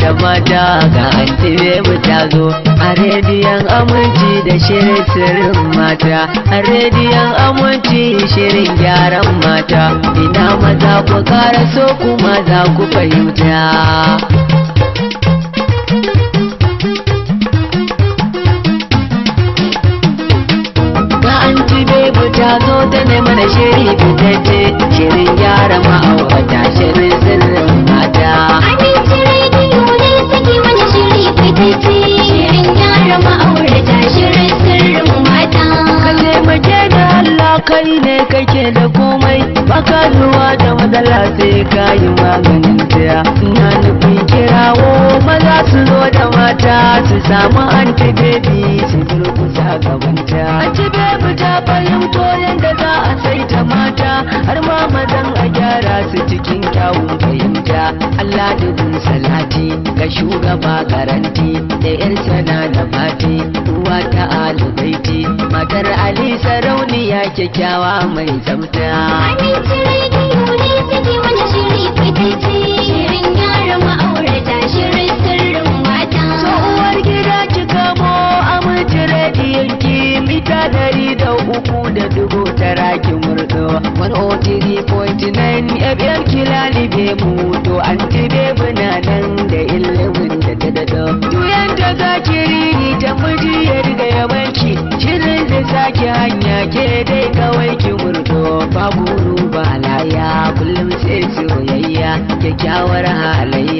da mata ga antibe mu zo a rediyon aminci da shirin sirrin mata a rediyon aminci shirin gyaran mata ina maza ku kara so kuma za ku fahimta tazo ta nema da shiri fitacce shirin gyara ma'aurata shirin sirrin mata kai ne kake da komai baka zuwa da matsala ka yi maganin tsaya ina nufin kirawo maza su zo da mata su samu antibabi su turkusa gabanta antibabi ta fahimto yadda za a saita mata har ma mazan gyara su cikin kyawun fahimta Allah dubin salati ga shugaba karanti, da yar sana da fati uwa ta alibaiti matar Ali sarauni sarauniya kyakkyawa mai tsafta. Aminci yi ne suke wani shiri kai mata dari da uku da dubu tara ki murɗo 103.9 fm kilali be mutu an ti bebu na nan da ilimin da ta dado duyan da zakiri ta miji ya riga ya banki shirin zai sake hanya ke dai kawai ki murɗo babu ruba laya kullum sai soyayya kyakkyawar halayya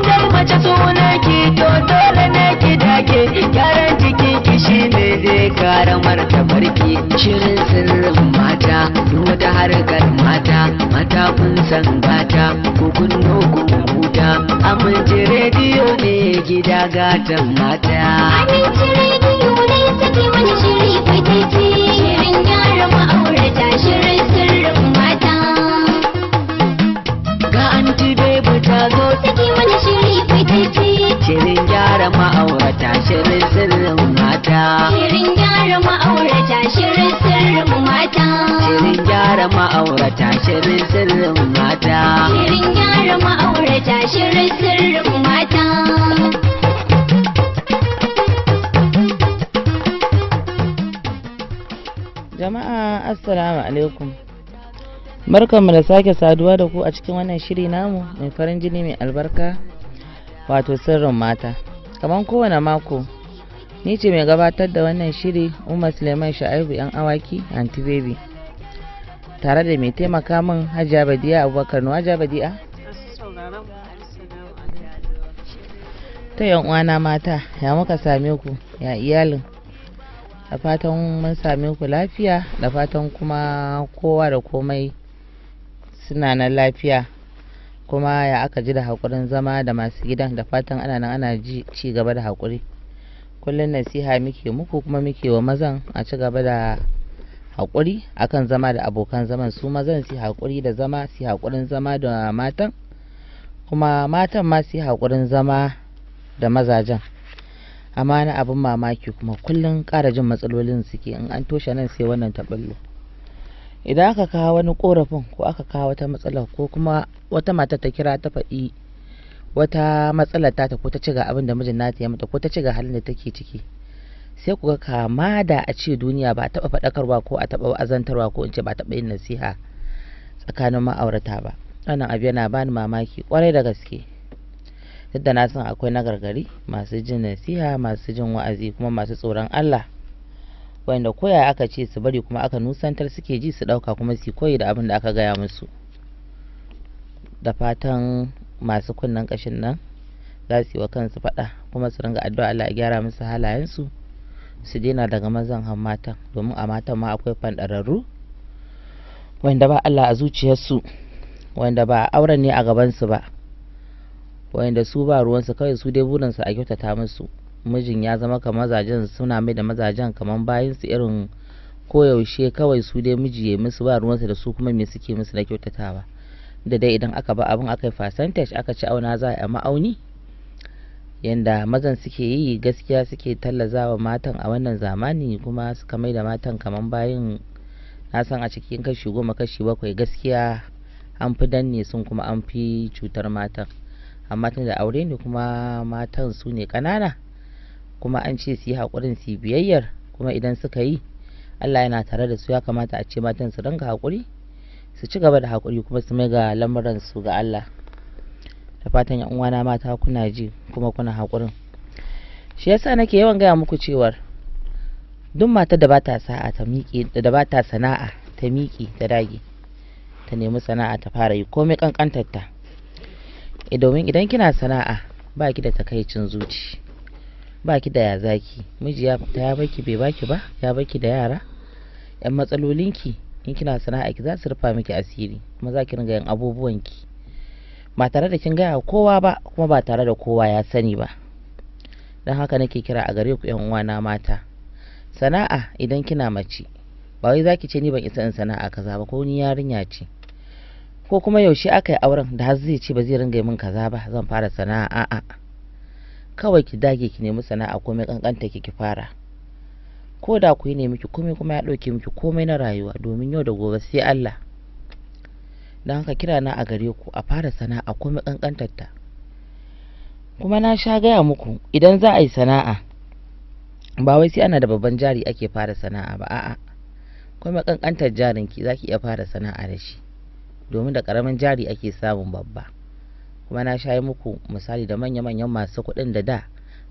mace suna ki to dole ne ki dake gyaran jiki ki ne zai kare martabar ki shirin sirrin mata wata harkar mata mata kun san gata ku kun kun huta amince rediyo ne gida gatan mata amince ma'aurata shirin sirrin mata. Shirin gyara ma'aurata shirin sirrin mata. Shirin gyara ma'aurata shirin sirrin mata. Shirin gyara ma'aurata shirin sirrin mata. Jama'a Assalamu alaikum. Barkanmu da sake saduwa da ku a cikin wannan shiri namu mai farin jini mai albarka wato sirrin mata. kamar kowane mako ni ce mai gabatar da wannan shiri umar suleiman sha'aibu yan awaki anti baby tare da mai taimaka min hajiya badiya abubakar nuwa hajiya badiya ta yan uwana mata ya muka same ku ya iyalin da fatan mun same ku lafiya da fatan kuma kowa da komai suna na lafiya kuma ya aka ji da haƙurin zama da masu gidan da fatan ana nan ana ji ci gaba da haƙuri kullum nasiha muke muku kuma muke wa mazan a ci gaba da haƙuri akan zama da abokan zaman su mazan su haƙuri da zama su haƙurin zama da matan kuma matan ma su haƙurin zama da mazajen amma na abin mamaki kuma kullum ƙara jin matsalolin suke in an toshe nan sai wannan taɓallo idan aka kawo wani korafin ko aka kawo wata matsala ko kuma wata mata ta kira ta faɗi wata matsala ta ta ko ta ci ga abin da mijin nata ya mata ko ta ci ga halin da take ciki sai ku ga kama da a ce duniya ba taɓa faɗakarwa ko a taɓa azantarwa ko in ce ba taɓa yin nasiha tsakanin ma'aurata ba wannan abu yana bani mamaki kwarai da gaske duk da na san akwai na gargari masu jin nasiha masu jin wa'azi kuma masu tsoron Allah wanda koya aka ce su bari kuma aka nusantar suke ji su ɗauka kuma su koyi da abin da aka gaya musu da fatan masu kunnen kashin nan za su yi wa kansu faɗa kuma su ringa addu'a Allah ya gyara musu halayensu su daina daga mazan har matan domin a matan ma akwai fanɗararru wanda ba Allah a zuciyarsu wanda ba auren ne a gabansu ba wanda su ba ruwansu kawai su dai burinsu a kyautata musu mijin ya zama ka mazajen suna mai da mazajen kamar bayan su irin koyaushe kawai su dai miji ya musu ba ruwansa da su kuma me suke musu na kyautatawa da dai idan aka ba abin aka yi percentage aka ci auna za a ma'auni yanda mazan suke yi gaskiya suke tallazawa matan a wannan zamani kuma suka mai da matan kamar bayan na san a cikin kashi goma kashi bakwai gaskiya an fi danne sun kuma an fi cutar matan amma tun da aure ne kuma matan su ne ƙanana kuma an ce su yi haƙurin su biyayyar kuma idan suka yi Allah yana tare da su ya kamata a ce matan su rinka haƙuri su ci gaba da haƙuri kuma su mai ga lamuran su ga Allah da fatan yan uwana mata kuna ji kuma kuna haƙurin shi yasa nake yawan gaya muku cewar duk matar da bata sa'a ta miƙe da ta sana'a ta miƙe ta dage ta nemi sana'a ta fara yi komai kankantar ta eh, domin idan kina sana'a ba ki da takaicin zuci baki da ya zaki miji ya fita ya baki bai baki ba ya baki da yara yan matsalolinki in kina sana'a ki za su rufa miki asiri kuma za ki ringa yin abubuwanki ba tare da kin gaya kowa ba kuma ba tare da kowa ya sani ba don haka nake kira a gare ku yan uwana mata sana'a idan kina mace ba wai zaki ce ni ban isa in sana'a kaza ba ko ni yarinya ce ko kuma yaushe aka yi auren da har zai ce ba zai ringa min kaza ba zan fara sana'a a'a kawai ki dage ki nemi sana'a komai kankanta ki ki fara ko da ku yi nemi ki komai kuma ya ɗauke miki komai na rayuwa domin yau da gobe sai Allah don haka kira na a gare ku a fara sana'a komai kankantar ta kuma na sha gaya muku idan za a yi sana'a ba wai sai ana da babban jari ake fara sana'a ba a'a kuma kankantar jarinki zaki iya fara sana'a da shi domin da karamin jari ake samun babba kuma na yi muku misali da manya-manyan masu kuɗin da da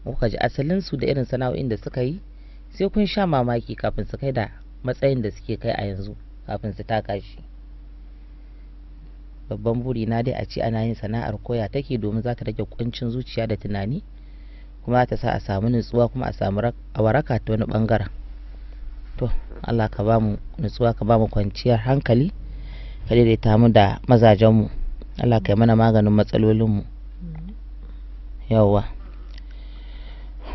kuka ji asalinsu da irin sana'o'in da suka yi sai kun sha mamaki kafin su kai da matsayin da suke kai a yanzu kafin su taka shi babban buri na dai a ce ana yin sana'ar koya take domin za ta rage kuncin zuciya da tunani kuma ta sa a samu nutsuwa kuma a samu a waraka ta wani bangaren to Allah ka ba mu nutsuwa ka ba mu kwanciyar hankali ka daidaita mu da mazajenmu Allah kai mana maganin matsalolinmu yawwa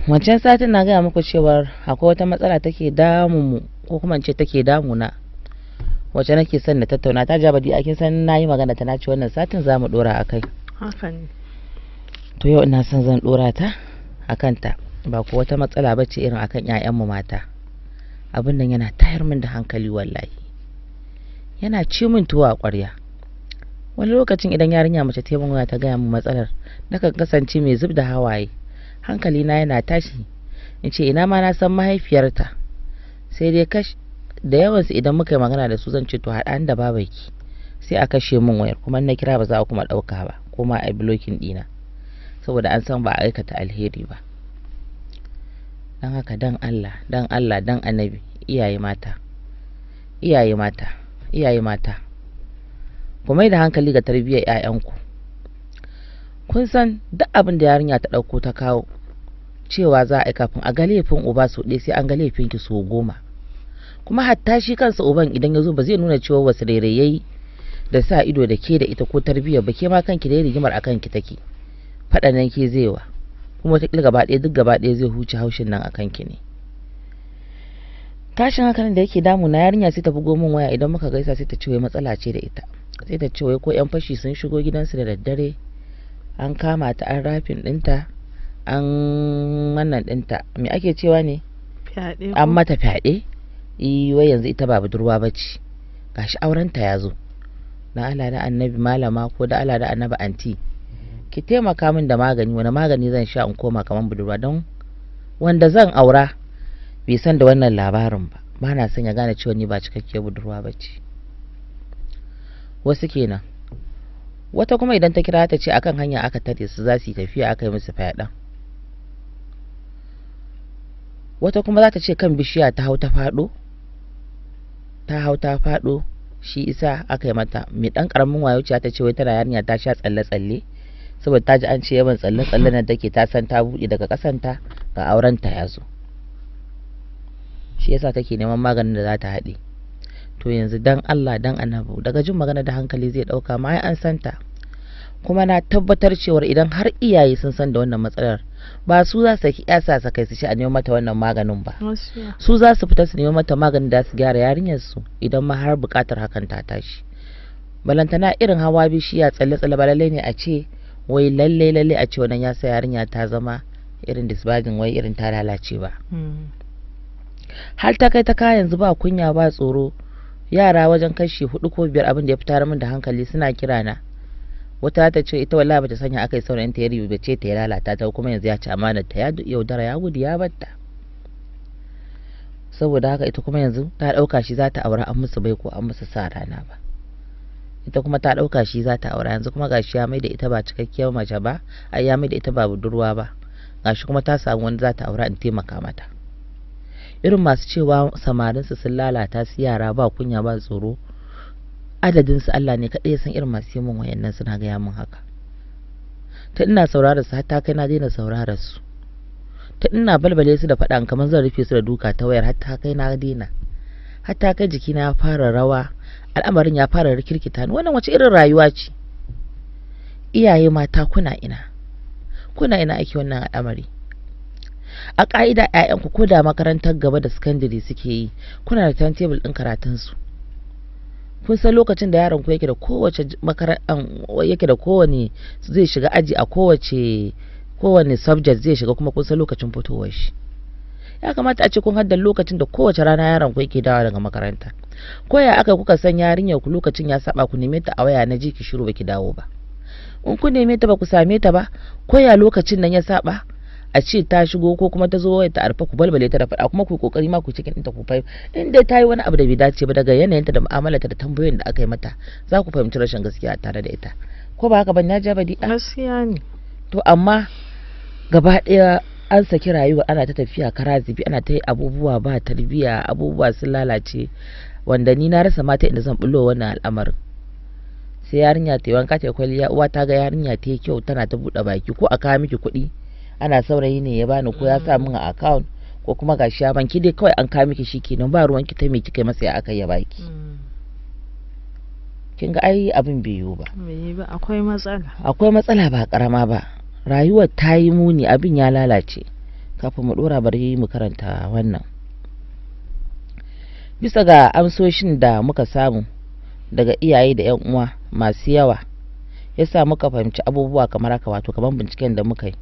wancan satin na gaya muku cewar akwai wata matsala take damunmu ko kuma ce take damuna wacce nake son na tattauna ta ja badi akin san na yi magana ta na ci wannan satin za mu dora a kai to yau ina son zan dora ta a kanta ba ko wata matsala ba ce irin akan mu mata abin nan yana tayar min da hankali wallahi yana ci min tuwa a ƙwarya wani lokacin idan yarinya mace ta yi ta gaya min matsalar nakan kasance mai zub da hawaye hankali na yana tashi in ce ina ma na san mahaifiyarta sai dai kash da yawansu idan muka yi magana da su zan ce to haɗa da babaki sai a kashe min wayar kuma na kira ba za a kuma ɗauka ba ko ma a blokin ɗina saboda an san ba a aikata alheri ba don haka dan Allah dan Allah dan annabi iyaye mata iyaye mata iyaye mata ku mai da hankali ga tarbiyyar 'ya'yanku kun san duk abin da yarinya ta ɗauko ta kawo cewa za a yi kafin a ga laifin uba su ɗaya sai an ga laifin ki su goma kuma hatta shi kansa uban idan ya zo ba zai nuna cewa wasu rairayi da sa ido da ke da ita ko tarbiyyar ba ke ma kanki da rigimar a kanki take faɗanan ke wa kuma ta gaba ɗaya duk gaba ɗaya zai huce haushin nan a kanki ne tashin hankalin da yake damu na yarinya sai ta bugo min waya idan muka gaisa sai ta ce wai matsala ce da ita sai ta ce wai ko 'yan fashi sun shigo gidansu da daddare an kama ta an rafin dinta an wannan dinta me ake cewa ne an mata fyaɗe wai yanzu ita ba budurwa ba ce gashi aurenta ya zo na ala da annabi malama ko da ala da annabi anti ki taimaka min da magani wani magani zan sha in koma kamar budurwa don wanda zan aura bai san da wannan labarin ba ba na son ya gane cewa ni ba cikakkiyar budurwa ba ce wasu kenan wata kuma idan ta kira ta ce akan hanya aka tare su za su yi tafiya aka yi musu fada wata kuma za ta ce kan bishiya ta hau ta faɗo ta hau ta fado shi isa aka yi mata mai dan ƙaramin wayo ce ta ce wai tana yarinya ta sha tsalle-tsalle saboda ta ji an ce yawan tsalle-tsalle na take ta san ta buɗe daga kasanta ga auren ta ya zo shi yasa take neman maganin da za ta haɗe to yanzu dan Allah dan annabu daga jin magana da hankali zai dauka ma ai an santa kuma na tabbatar cewa idan har iyaye sun san da wannan matsalar ba su za su yasa sa kai su shi a neman mata wannan maganin ba su za su fita su neman mata maganin da su gyara yarinyar su idan ma har bukatar hakan ta tashi balantana irin hawa bishiya tsalle tsalle ba ne a ce wai lalle lalle a ce wannan ya sa yarinya ta zama irin disbagin wai irin ta lalace ba hmm. har ta kai ta ka yanzu ba kunya ba tsoro yara wajen kashi hudu ko biyar abin da ya fitar min da hankali suna kira na wata ta ce ita wallahi bata sanya akai sauran ta yari ba ce ta ya lalata ta kuma yanzu ya ci amanar ta ya yaudara ya gudu ya batta saboda haka ita kuma yanzu ta dauka shi za ta aura an musu bai ko an musu sa rana ba ita kuma ta dauka shi za ta aura yanzu kuma gashi ya mai da ita ba cikakkiyar mace ba ai ya mai da ita ba budurwa ba gashi kuma ta samu wani za ta aura in taimaka mata irin masu cewa samarinsu sun lalata su yara ba kunya ba tsoro adadin su Allah ne kaɗai san irin masu yi min wayannan suna gaya min haka ta ina saurara su har ta kai na daina saurara su ta ina balbale su da faɗan kamar zan rufe su da duka ta wayar har ta kai na daina har ta kai jikina ya fara rawa al'amarin ya fara rikirkita ni wannan wace irin rayuwa ce iyaye mata kuna ina kuna ina ake wannan al'amari a ƙa'ida 'ya'yanku ko da makarantar gaba da sakandare suke yi kuna da timetable ɗin karatunsu kun san lokacin da yaron yake da kowace yake da kowane zai shiga aji a kowace kowane subject zai shiga kuma kun san lokacin fitowar shi ya kamata a ce kun haddan lokacin da kowace rana yaron ku yake dawo daga makaranta ko ya aka kuka san yarinyar ku lokacin ya saba ku neme ta a waya na ji ki shiru baki dawo ba in ku neme ta ba ku same ta ba ko ya lokacin nan ya saba a ce ta shigo ko kuma ta zo ya ta arfa ku balbale ta da faɗa kuma ku kokari ma ku cikin ɗinta ku fahimta in dai ta yi wani abu da bai dace ba daga yanayinta da ta da tambayoyin da aka yi mata za ku fahimci rashin gaskiya tare da ita ko ba haka ban ya ja ba di'a gaskiya ne to amma gaba ɗaya an saki rayuwa ana ta tafiya kara zibi ana ta yi abubuwa ba tarbiyya abubuwa sun lalace wanda ni na rasa mata inda zan bullo wannan al'amarin sai yarinya ta yi wanka ta kwalliya uwa ta ga yarinya ta yi kyau tana ta buɗe baki ko a kawo miki kuɗi ana saurayi ne ya bani ko ya sa min a account ko kuma ga shi banki dai kawai an kawo miki shi kenan ba ruwan ki ta me kika masa ya aka ya baki mm. kin ga ai abin bai yiwu ba akwai matsala akwai matsala ba karama ba rayuwar ta yi muni abin ya lalace kafin mu dora bari mu karanta wannan bisa ga amsoshin da muka samu daga iyaye da 'yan uwa masu yawa ya sa muka fahimci abubuwa kamar haka wato kamar binciken da muka yi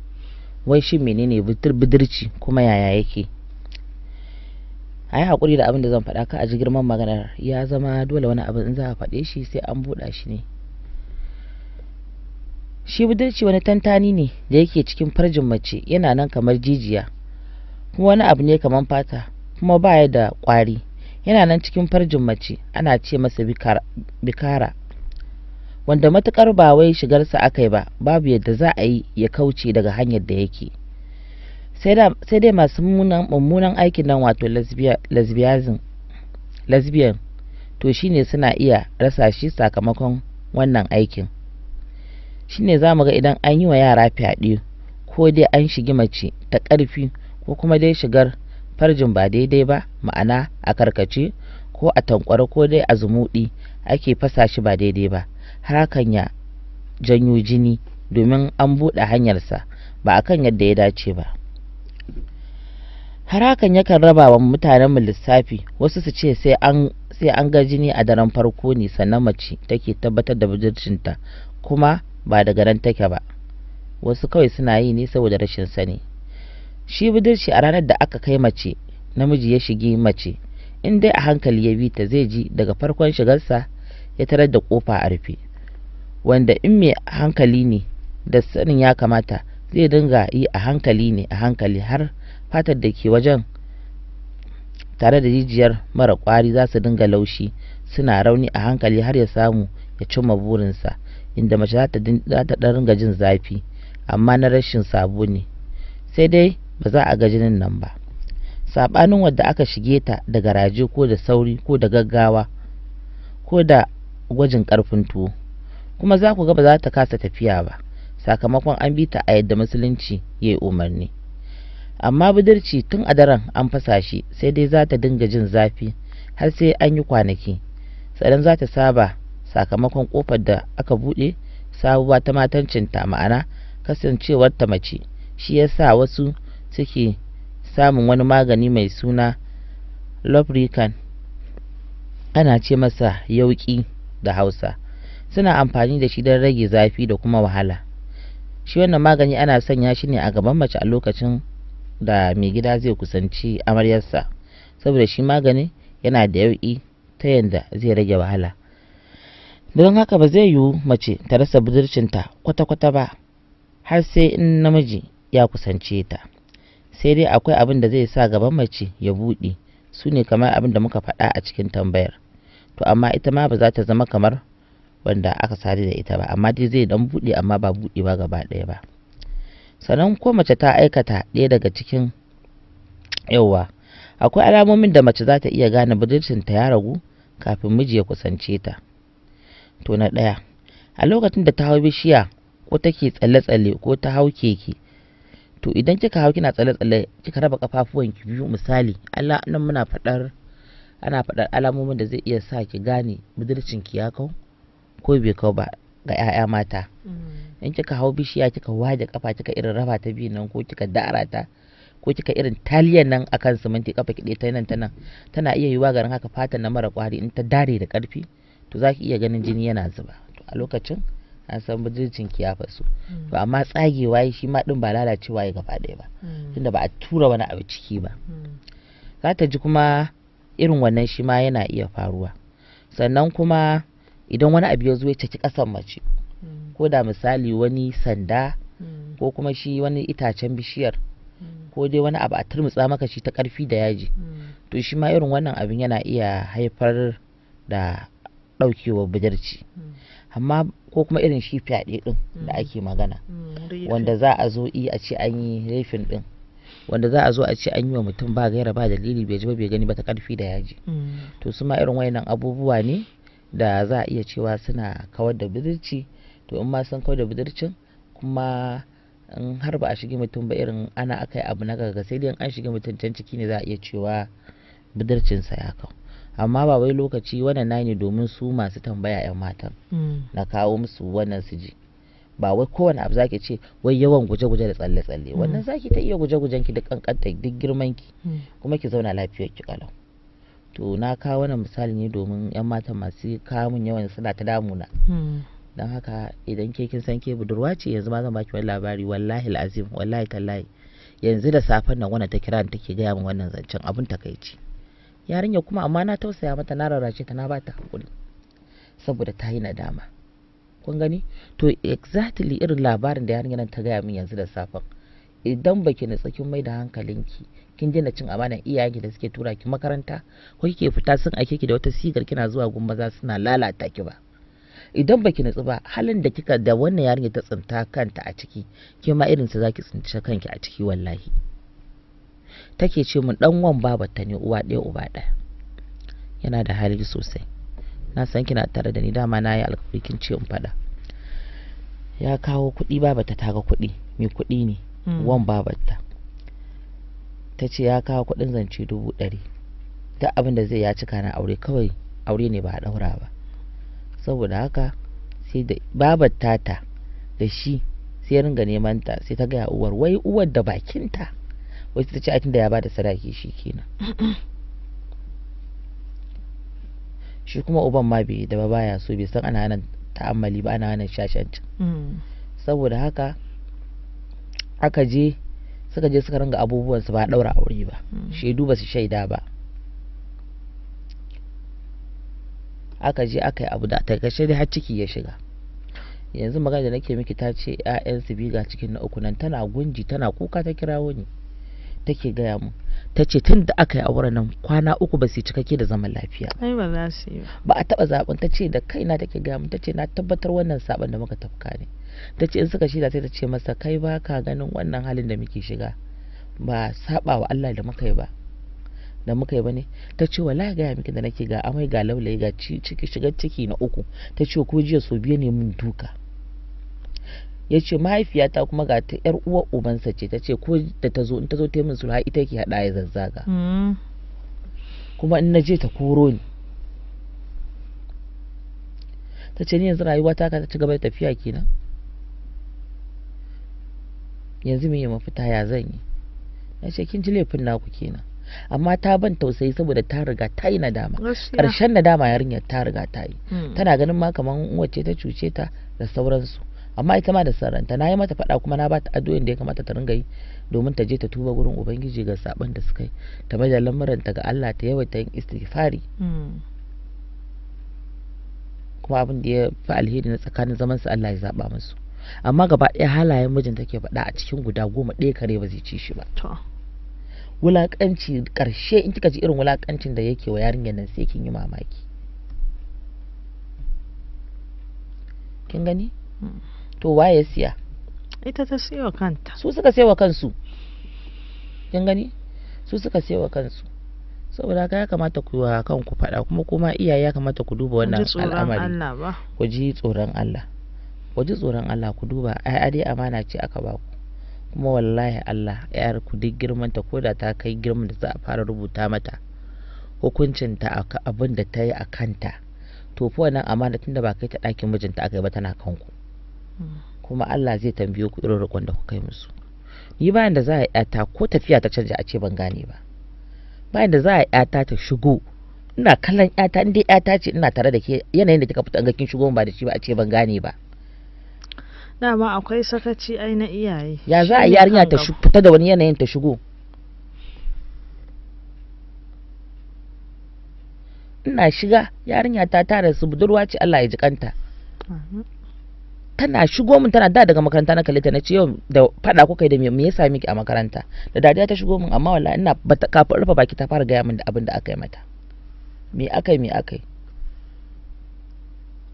wai shi menene bidirci kuma yaya yake a hakuri da abin da zan faɗa ka a ji girman maganar ya zama dole wani abu in za a faɗe shi sai an buɗa shi ne shi budurci wani tantani ne da yake cikin farjin mace yana nan kamar jijiya kuma wani abu ne kamar fata kuma baya da kwari yana nan cikin farjin mace ana ce masa bikara wanda matukar ba wai shigarsa aka yi ba babu yadda za a yi ya kauce daga hanyar da yake sai dai masu mummunan aikin nan wato lesbian to shine suna iya rasa shi sakamakon wannan aikin shine za mu ga idan an yi wa yara fyaɗe ko dai an shigi mace ta ƙarfi ko kuma dai shigar farjin ba daidai ba ma'ana a karkace ko a tankwara ko dai a zumuɗi ake fasa shi ba daidai ba har hakan ya janyo jini domin an buɗe hanyarsa ba a kan yadda ya dace ba har hakan yakan raba wa mutanen mu lissafi wasu su ce sai an sai an ga jini a daren farko ne sannan mace take tabbatar da budurcinta kuma ba daga nan take ba wasu kawai suna yi ne saboda rashin sani shi budurci a ranar da aka kai mace namiji ya shige mace in dai a hankali ya bi ta zai ji daga farkon shigarsa ya tarar da kofa a rufe wanda in mai hankali ne da sanin ya kamata zai dinga yi a hankali ne a hankali har fatar da ke wajen tare da jijiyar mara kwari za su dinga laushi suna rauni a hankali har ya samu ya cimma burinsa inda mace za ta dinga jin zafi amma na rashin sabo ne sai dai ba za a ga jinin nan ba Sabanin wadda aka shige ta da garaje ko da sauri ko da gaggawa ko da gwajin ƙarfin tuwo kuma za ku ga ba za ta kasa tafiya ba sakamakon an bi ta a yadda musulunci ya yi umarni amma budurci tun a daren an fasa shi sai dai za ta dinga jin zafi har sai an yi kwanaki tsaron za ta saba sakamakon kofar da aka buɗe sabuwa ta matancinta ma'ana kasancewar ta mace shi ya sa wasu suke samun wani magani mai suna lubrican ana ce masa yauki da hausa suna amfani da shi don rage zafi da kuma wahala shi wannan magani ana sanya shi ne a gaban mace a lokacin da mai gida zai kusanci amaryarsa saboda shi magani yana da yau'i ta yadda zai rage wahala don haka ba zai yiwu mace ta rasa budurcinta kwata-kwata ba har sai in namiji ya kusance ta sai dai akwai abin da zai sa gaban mace ya buɗe su ne kamar abin da muka faɗa a cikin tambayar to amma ita ma ba za ta zama kamar wanda aka sare da ita ba amma dai zai dan buɗe amma ba buɗe ba gaba ɗaya ba sannan ko mace ta aikata ɗaya daga cikin yauwa akwai alamomin da mace za ta iya gane budurcinta ya ragu kafin miji ya kusance ta to na ɗaya a lokacin da ta hau bishiya ko take tsalle-tsalle ko ta hau keke to idan kika hau kina tsalle-tsalle kika raba kafafuwan ki biyu misali Allah nan muna fadar ana faɗar alamomin da zai iya sa ki gane budurcin ki ya kau ko bai kawo ba ga 'ya'ya mata mm. in kika hau bishiya kika waje kafa kika irin raba ta biyu nan ko kika da'ara ta ko kika irin taliya nan akan siminti kafa ki ta nan ta nan tana iya yiwa garin haka fatan na mara kwari in ta dare da karfi to zaki iya ganin jini yana zuba to a lokacin an san budurcin ki ya faso mm. to amma tsagewa shi ma din ba lalacewa ya gaba ɗaya ba mm. tunda ba a tura wani abu ciki ba za ta ji kuma irin wannan shi ma yana iya faruwa sannan kuma idan wani abu ya zo ya caki ƙasan mace mm. ko da misali wani sanda mm. ko kuma shi wani itacen bishiyar mm. ko dai wani abu a turmutsa maka shi ta karfi da yaji to shi ma irin wannan abin yana iya haifar da ɗaukewar budurci amma ko kuma irin shi fyaɗe ɗin da ake magana wanda za a zo a ce an yi laifin ɗin wanda za a zo a ce an yi wa mutum ba gaira ba dalili bai ji ba bai gani ba ta karfi da yaji to su ma irin wayannan abubuwa ne da za a iya cewa suna kawar da budurci to in ma sun kawar da budurcin kuma in har ba a shige mutum ba irin ana aka yi abu na gaga sai dai an shige mutum can ciki ne za a iya cewa budurcinsa ya kawo amma ba wai lokaci wannan na ne domin su masu tambaya 'yan matan hmm. na kawo musu wannan su ji ba wai kowane abu zaki ce wai yawan guje-guje da tsalle-tsalle hmm. wannan zaki ta iya guje-gujenki duk kankanta duk girman ki hmm. kuma ki zauna lafiyar ki kalau to na kawo wannan misali ne domin 'yan mata masu kamun yawan suna ta damuna hmm. don haka idan ke kin san ke budurwa ce yanzu ma zan baki wani labari wallahi azim wallahi tallahi yanzu da safen nan wannan ta kira ni ke gaya min wannan zancen abin takaici yarinya kuma amma na tausaya mata na rarrace ta na ba ta hakuri saboda ta yi nadama kun gani to exactly irin labarin da yarinyar nan ta gaya min yanzu da safen idan baki natsa kin mai da hankalinki kin daina cin amanar iyayenki da suke tura ki makaranta ko kike fita sun ake ki da wata sigar kina zuwa gun maza suna lalata ki ba idan baki natsu ba halin da kika da wannan yarinya ta tsinta kanta a ciki ke ma irin sa zaki tsinci kanki a ciki wallahi take ce mun dan wan baba ta ne uwa ɗaya uba ɗaya yana da hali sosai na san kina tare da ni dama na yi alƙawarin ce in faɗa ya kawo kuɗi baba ta taga kuɗi mai kuɗi ne Mm. wan babarta ta ce ya kawo kudin zance dubu ɗari ta abin da zai ya cika na aure kawai aure ne ba a ɗaura ba saboda haka sai da babar tata da shi sai ringa neman ta sai ta gaya uwar wai uwar da bakinta wai ta ce a da ya bada sadaki shi kenan shi kuma uban ma bai da ba baya so bai san ana nan ta'ammali ba ana nan shashancin mm. saboda haka aka je suka je suka ringa abubuwansu ba daura aure ba hmm. shaidu ba su shaida ba aka je aka yi abu da ta gashe har ciki ya shiga yanzu magana da nake miki ta ce 'ya'yansu biyu ga cikin na uku nan tana gunji tana kuka ta kirawo ni take gaya mu ta ce tun da aka yi auren nan kwana uku ba su ke da zaman lafiya ba a taba zaben ta ce da kaina take gaya mu ta ce na tabbatar wannan sabon da muka tafka ne ta ce in suka shida sai ta ce masa kai ba ka ganin wannan halin da muke shiga ba saba wa Allah da muka yi ba da muka yi ba ne ta ce wala gaya miki da nake ga amai ga laulayi ga ciki shigar ciki na uku ta ce ko jiya so biye ne mun duka ya ce mahaifiyata kuma ga ta yar uwa ubansa ce ta ce ko da ta zo in ta zo ta min sulha ita ke hada ya zazzaga mm. kuma in na je ta koro ni ta ce ni yanzu rayuwa ta ka ta ci gaba da tafiya kenan yanzu me mafita ya zan yi na ce kin ji laifin naku kenan amma ta ban tausayi saboda ta riga ta yi nadama karshen nadama yarinyar ta riga ta yi hmm. tana ganin ma kaman wacce ta cuce ta da sauransu amma ita ma da sarranta na yi mata faɗa kuma na bata addu'o'in da ya kamata ta ringa yi domin ta je ta tuba gurin ubangiji ga saban da suka yi ta mai da lamuranta ga Allah ta yawaita yin istighfari hmm. kuma abin da ya fi alheri na tsakanin zaman su Allah ya zaba musu amma gaba ɗaya halayen mijin take faɗa a cikin guda goma ɗaya kare ba zai ci shi ba wulakanci ƙarshe in kika ji irin wulakancin da yake wa yarinyar nan sai kin yi mamaki kin gani hmm. to waye siya ita ta siya kanta su suka siya kansu kin gani su suka siya kansu saboda haka ya kamata ku wa kanku faɗa kuma kuma iyaye ya kamata ku duba wannan al'amari ku ji tsoron Allah ku ji tsoron Allah ku duba ai dai amana ce aka ba ku kuma wallahi Allah yar ku duk girman ta koda ta kai girman da za a fara rubuta mata hukuncin ta akan abin da ta yi a kanta to fa wannan amana tunda ba kai ta ɗakin mijinta aka yi ba tana kanku kuma Allah zai tambaye ku irin rikon da ku kai musu ni bayan da za a yata ko tafiya ta canja a ce ban gane ba bayan da za a yata ta shigo ina kallon yata inda yata ce ina tare da ke yanayin da kika fita an ga kin shigo ba da shi ba a ce ban gane ba dama akwai sakaci ai na iyaye ya za a yarinya ta fita da wani yanayin ta shigo ina shiga yarinya ta tara su budurwa ce Allah ya ji kanta tana shigo min tana da daga makaranta na kalita na ce yau da fada kuka da me yasa miki a makaranta da dadiya ta shigo min amma wallahi ina kafin rufe baki ta fara gaya min da abin da aka yi mata me akai me akai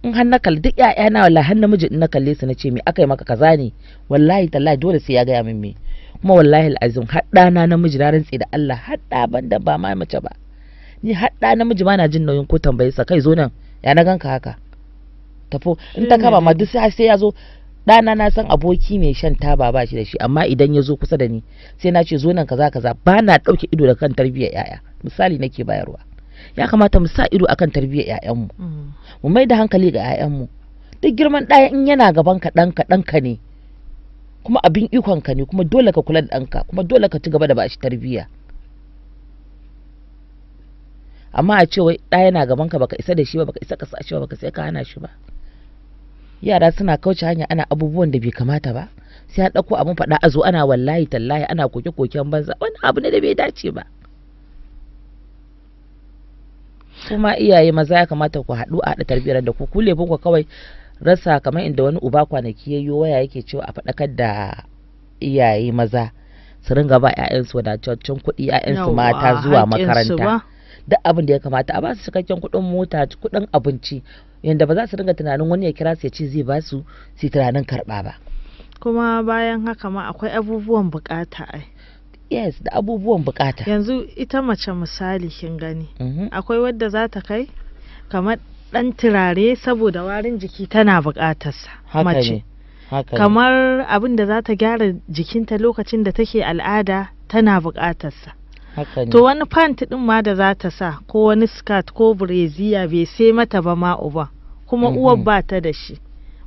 in har na kalli duk ƴaƴa na wallahi har namiji in na kalle su na ce me aka yi maka kaza ne wallahi tallahi dole sai ya gaya min me kuma wallahi al'azim, har na namiji na rantse da Allah har banda ba ma mace ba ni har namiji ma na jin nauyin ko tambaye sa kai zo nan ya na ganka haka tafo in ta mm. kama ma duk sai ya zo ɗana na san aboki mai shan taba ba shi da shi amma idan ya zo kusa da ni sai na ce zo nan kaza kaza ba na ɗauke ido da kan tarbiyyar yaya misali nake bayarwa ya kamata mu sa ido akan tarbiyyar ƴaƴanmu mu mai da hankali ga ƴaƴanmu duk girman ɗaya in yana gaban ka ɗanka ɗanka ne kuma abin ikon ka ne kuma dole ka kula da ɗanka kuma dole ka ci gaba da bashi tarbiyya amma a ce wai ɗaya yana gaban ka baka isa da shi ba baka isa ka sa shi ba baka sai ka hana shi ba yara suna kauce hanya ana abubuwan da bai kamata ba sai a ɗauko abin faɗa a zo ana wallahi tallahi ana koke-koken banza wani abu ne da bai dace ba kuma iyaye maza ya kamata ku haɗu a hada tarbiyyar da ku kule ku kawai rasa kamar inda wani uba kwanaki ya yi waya yake cewa a faɗakar da iyaye maza su ringa ba 'ya'yansu wadataccen kuɗi 'ya'yansu mata zuwa makaranta duk abin da ya kamata a ba su cikakken kuɗin mota kuɗin abinci yadda ba za su ringa tunanin wani ya kira su ya ce zai ba su su tunanin karɓa ba kuma bayan haka ma akwai abubuwan bukata ai yes da abubuwan bukata yanzu ita mace misali kin gani mhm. akwai wadda za ta kai kamar dan turare saboda warin jiki tana bukatarsa mace kamar abin da za ta gyara jikinta lokacin da take al'ada tana bukatarsa to wani pant din ma da za ta sa ko wani skirt ko breziya bai sai mata ba ma uba kuma mhm. uwar ba ta da shi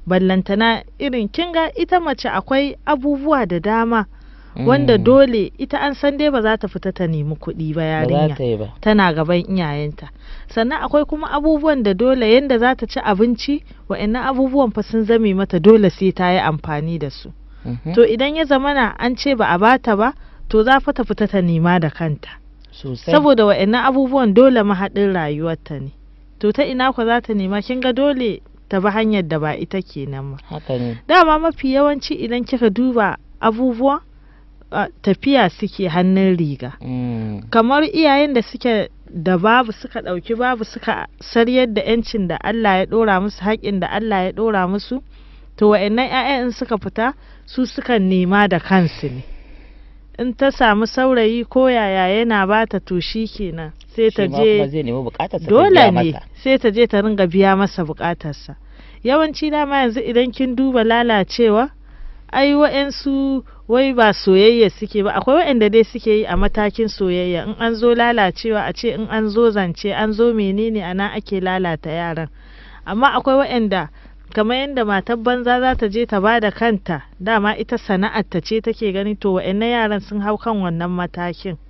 ballantana irin kinga ita mace akwai abubuwa da dama wanda mm. dole ita an san dai ba za ta fita ta nemi kuɗi ba yarinya tana gaban iyayenta sannan akwai kuma abubuwan da dole yanda za ta ci abinci wa'annan abubuwan fa sun zame mata dole sai ta yi amfani da su mhm. to idan ya zamana an ce ba a bata ba to za fa ta fita ta nema da kanta saboda wa'annan abubuwan dole mahaɗin rayuwarta ne to ta ina ku za ta nema kin ga dole ta bi hanyar da ba ita kenan ma dama mafi yawanci idan kika duba abubuwan tafiya suke hannun riga mm. kamar iyayen da suke da babu suka ɗauki babu suka sariyar da 'yancin da Allah ya ɗora musu haƙƙin da Allah ya ɗora musu to wa'annan 'ya'yan suka fita su suka nema da kansu ne in ta samu saurayi ko yaya yana ba ta to shi kenan sai ta je dole ne sai ta je ta ringa biya masa bukatarsa yawanci dama yanzu idan kin duba lalacewa ai wa'yansu wai ba soyayya suke ba akwai wa'yanda dai suke yi a matakin soyayya in an zo lalacewa a ce in an zo zance an zo menene a nan ake lalata yaran amma akwai wa'yanda kamar yadda matar banza za ta je ta ba da kanta dama ita sana'ar ta ce take gani to wa'annan yaran sun hau kan wannan matakin